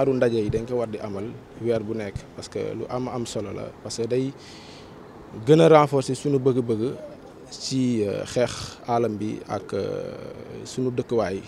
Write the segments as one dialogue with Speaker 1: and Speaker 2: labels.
Speaker 1: xaaru ndaje yi ko amal weer bu nekk parce que lu am am solo la parce que day gën renforcer suñu bëgg-bëgg ci euh, xeex alam bi ak euh, suñu dëkkuwaay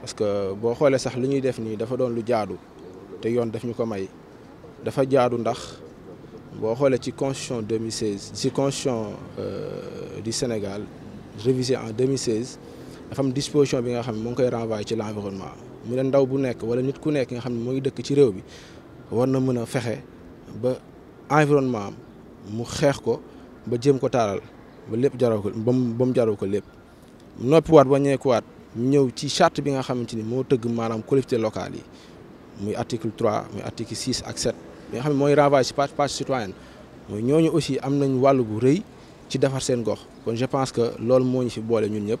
Speaker 1: parce que boo xoolee sax lu ñuy def dafa lu jaadu te yoon daf may dafa jaadu ndax ci constitution 2016 ci constitution euh, du Sénégal révisée en 2016 dafa am disposition bi nga xam l'environnement mu ne ndaw bu nekk wala nit ku nekk nga xam ne moo ngi dëkk ci réew bi war na mën a fexe ba environnement am mu xeex ko ba jéem ko taaral ba lépp jaraw ko ba mu ba mu jaraw ko lépp noppiwaat ba ñeekuwaat ñëw ci charte bi nga xamante ni moo tëgg maanaam collectivité locale yi muy article 3 muy article 6 ak 7 bi nga xam ne mooy ravage participation citoyenne mooy ñooñu aussi am nañu wàll bu rëy ci defar seen gox kon je pense que loolu moo ñu fi boole ñun ñëpp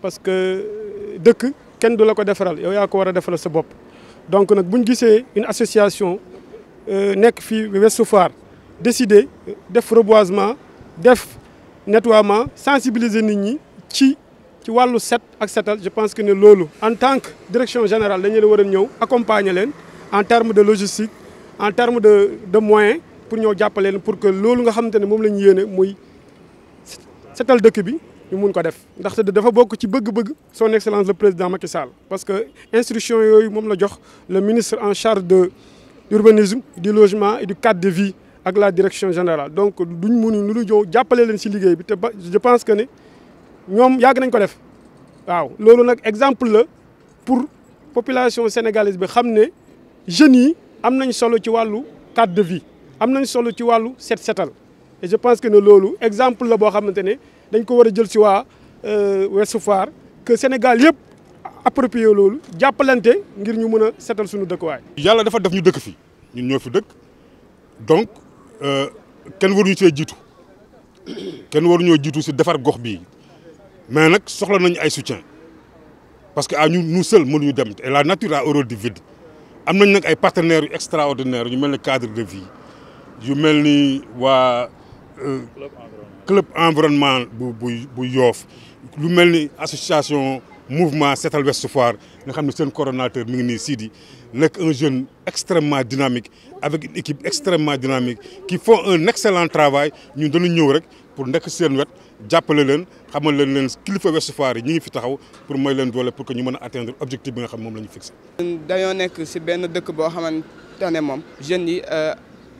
Speaker 2: parce que deuk kenn du la ko defaral yow ya ko wara a sa bop donc nak buñu gissé une association euh, nekk fii Ouest Foire décider def reboisement def nettoiement sensibiliser nit ñi ci ci walu set ak setal je pense que ne lolu en tant que direction générale dañu le wara ñëw accompagner leen en terme de logistique en terme de de moyens pour ñeu jàppale pour que lolu nga xamante ne moom la muy setal deuk bi ñu mun ko def faut dafa bokk ci bëgg-bëgg son excellence le président Macky Sall parce que instruction yooyu le ministre en charge de l'urbanisme du logement et du cadre de vie avec la direction générale donc duñ mun lu lu jow jàppale leen je pense que nous ñoom yàgg nañ ko def waaw loolu la pour population sénégalaise bi xam ne jeunes yi am nañ solo ci cadre de vie ont nañ solo ci 7 set et je pense que c'est un exemple la dañ ko wara jël ci wa euh Ouest Foire que Sénégal yëpp approprié lolu jàppalante ngir ñu mëna sétal suñu suñu dëkkuwaay. yalla dafa def ñu dëkk fi ñun ñoo fi dëkk donc euh
Speaker 3: kenn waruñu see jiitu kenn waruñoo jitu ci défar gox bi mais nak soxla nañ ay soutien parce que à ñun nous seuls mënu dem et la nature a horreur du vide amnañ nak ay partenaires extraordinaires ñu melni cadre de vie yu melni wa euh, club environnement bu bu bu Yoff lu mel ni association mouvement Setal Ouest Foire nga xam ne seen coordonnateur mi ngi nii Sidi nekk un jeune extrêmement dynamique avec une équipe extrêmement dynamique qui font un excellent travail ñun dañu ñëw rek pour nekk seen wet jàppale leen xamal leen leen kilifa Ouest yi ñu ngi fi taxaw pour may leen doole pour que ñu mën a atteindre objectif bi nga xam moom la ñu fixé.
Speaker 4: dañoo nekk si benn dëkk boo xamante ne moom jeunes yi. Euh,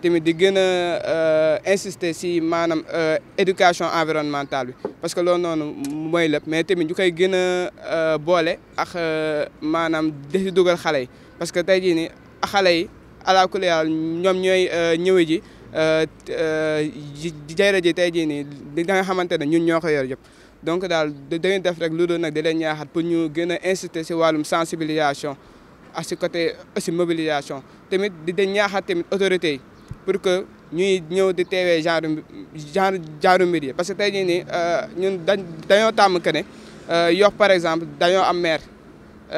Speaker 4: tamit di gën a euh, insister si maanaam euh, éducation environnementale bi parce que loolu noonu mooy lépp mais tamit ñu koy gën a euh, boole ak maanaam di si dugal xale yi parce que tey jii ni xale yi alaakulli yàlla ñoom ñooy ñëwe ji jayra ji tey jii nii di nga xamante ne ñun ñoo ko yor yëpp donc daal dañuy def rek lu doon nag di leen ñaaxaat pour ñu gën a insister si wàllum sensibilisation ak si côté aussi mobilisation tamit di ñaaxaat tamit autorité yi pour que ñuy ñëw di teewee genre genre genre yi parce que tey jii nii euh, ñun dañ dañoo tàmm que ne euh, Yoff par exemple dañoo am maire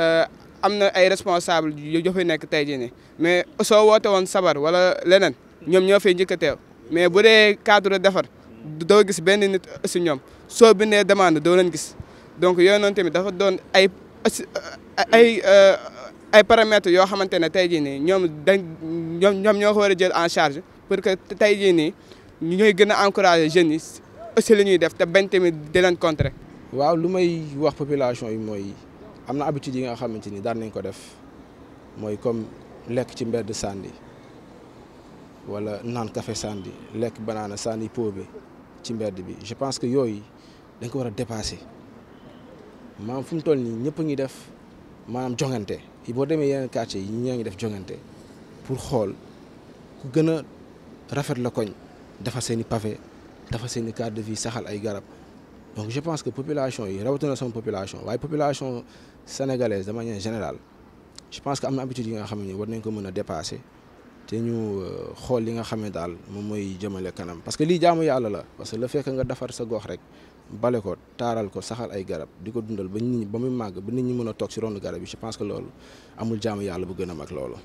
Speaker 4: euh, am na ay responsable yu fi nekk tey jii mais soo woote woon sabar wala leneen ñoom ñoo fay njëkk a teew mais bu dee cadre defar doo gis benn nit si ñoom soo bindee demande doo leen gis donc yooyu noonu tamit dafa doon ay ay. ay paramètres yoo xamante ne tey jii nii ñoom dañ ñoom ñoo ko war a jël en charge pour que tey jii nii ñooy gën a encourager jeunes yi aussi li ñuy def te bañ tamit di leen contrer. waaw lu may wax population yi mooy am na habitude yi nga xamante ni
Speaker 1: daan nañ ko def mooy comme lekk ci mbedd sandi wala naan café sandi lekk banaana sandi poobe ci mbedd bi je pense que yooyu dañ ko war a dépasser maanaam fu mu toll nii ñëpp a ngi def manam jongante boo demee yeneen quartier yi ñoo ngi def jongante pour xol ku gëna rafet la koñ dafa seeni pavé dafa seeni carte de vie saxal ay garab donc je pense que population yi rawatina sama population waaye population sénégalaise de manière générale je pense que am na habitude yi nga xam ne war nañ ko mëna a dépasser té ñu euh, xol li nga xamé dal mo moy jëmele kanam parce que li jaamu yàlla la parce que le fait que nga dafar sa gox rek bale ko taaral ko saxal ay garab di ko dundal ba nit ñi ba muy màgg ba nit ñi mën a toog ci ronu garab yi je pense que loolu amul jaamu yàlla bu gën a mag loolu.